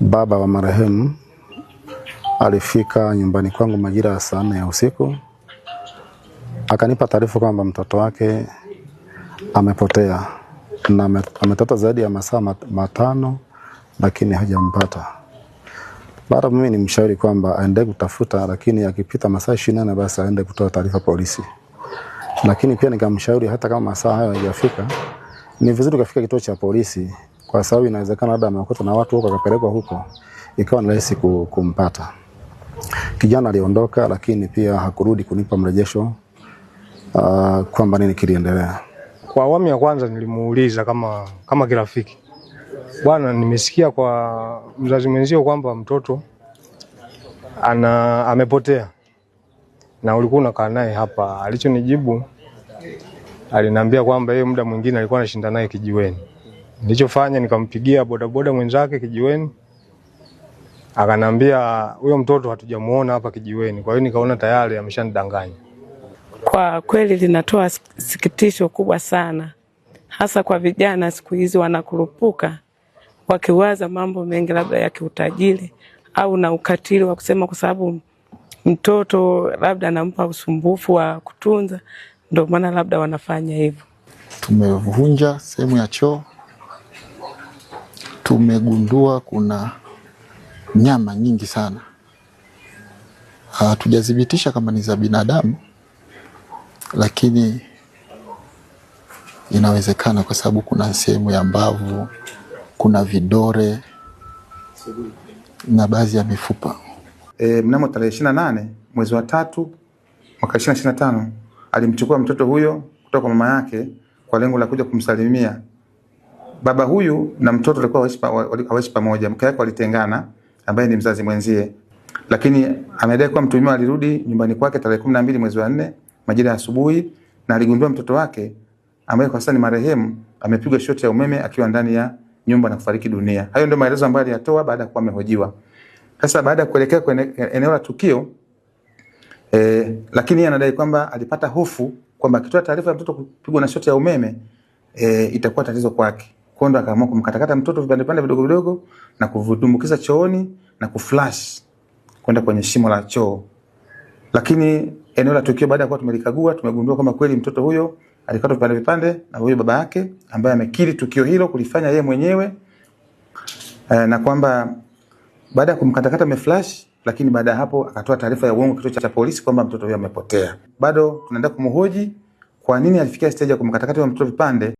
Baba wa marehemu alifika nyumbani kwangu majira ya saa nne ya usiku akanipa taarifa kwamba mtoto wake amepotea na ametata zaidi ya masaa matano lakini hajampata. Baada mimi nimshauri kwamba aende kutafuta, lakini akipita masaa ishirini na basi aende kutoa taarifa polisi. Lakini pia nikamshauri hata kama masaa hayo hayajafika, ni vizuri kafika kituo cha polisi kwa sababu inawezekana labda amekuta na watu huko akapelekwa huko, ikawa ni rahisi kumpata. Kijana aliondoka, lakini pia hakurudi kunipa mrejesho uh, kwamba nini kiliendelea. Kwa awamu ya kwanza nilimuuliza kama, kama kirafiki, bwana, nimesikia kwa mzazi mwenzio kwamba mtoto ana amepotea na ulikuwa unakaa naye hapa. Alichonijibu aliniambia kwamba yeye muda mwingine alikuwa anashinda naye kijiweni. Nilichofanya nikampigia bodaboda mwenzake kijiweni, akanambia huyo mtoto hatujamuona hapa kijiweni. Kwa hiyo nikaona tayari ameshanidanganya. Kwa kweli linatoa sikitisho kubwa sana, hasa kwa vijana siku hizi wanakurupuka wakiwaza mambo mengi, labda ya kiutajiri au na ukatili wa kusema, kwa sababu mtoto labda anampa usumbufu wa kutunza, ndio maana labda wanafanya hivyo. Tumevunja sehemu ya choo tumegundua kuna nyama nyingi sana, hatujathibitisha kama ni za binadamu, lakini inawezekana kwa sababu kuna sehemu ya mbavu, kuna vidore na baadhi ya mifupa. E, mnamo tarehe ishirini na nane mwezi wa tatu mwaka ishirini na tano alimchukua mtoto huyo kutoka kwa mama yake kwa lengo la kuja kumsalimia baba huyu na mtoto walikuwa hawaishi pamoja, mke wake walitengana, ambaye ni mzazi mwenzie, lakini amedai kuwa mtuhumiwa alirudi nyumbani kwake tarehe kumi na mbili mwezi wa nne majira ya asubuhi, na aligundua mtoto wake ambaye kwa sasa ni marehemu amepigwa shoti ya umeme akiwa ndani ya nyumba na kufariki dunia. Hayo ndio maelezo ambayo aliyatoa baada ya kuwa amehojiwa. Sasa baada ya kuelekea kwenye eneo la tukio eh, lakini anadai kwamba alipata hofu kwamba akitoa taarifa ya mtoto kupigwa na shoti ya umeme eh, itakuwa tatizo kwake. Kwa ndo akaamua kumkatakata mtoto vipande vipande vidogo vidogo na kuvitumbukiza chooni na kuflash kwenda kwenye shimo la choo. Lakini eneo la tukio baada ya kuwa tumelikagua, tumegundua kwamba kweli mtoto huyo alikatwa vipande vipande na huyo baba yake ambaye amekiri tukio hilo kulifanya yeye mwenyewe e, na kwamba baada ya kumkatakata ameflash, lakini baada ya hapo akatoa taarifa ya uongo kituo cha polisi kwamba mtoto huyo amepotea. Bado tunaenda kumhoji kwa nini alifikia stage ya kumkatakata mtoto vipande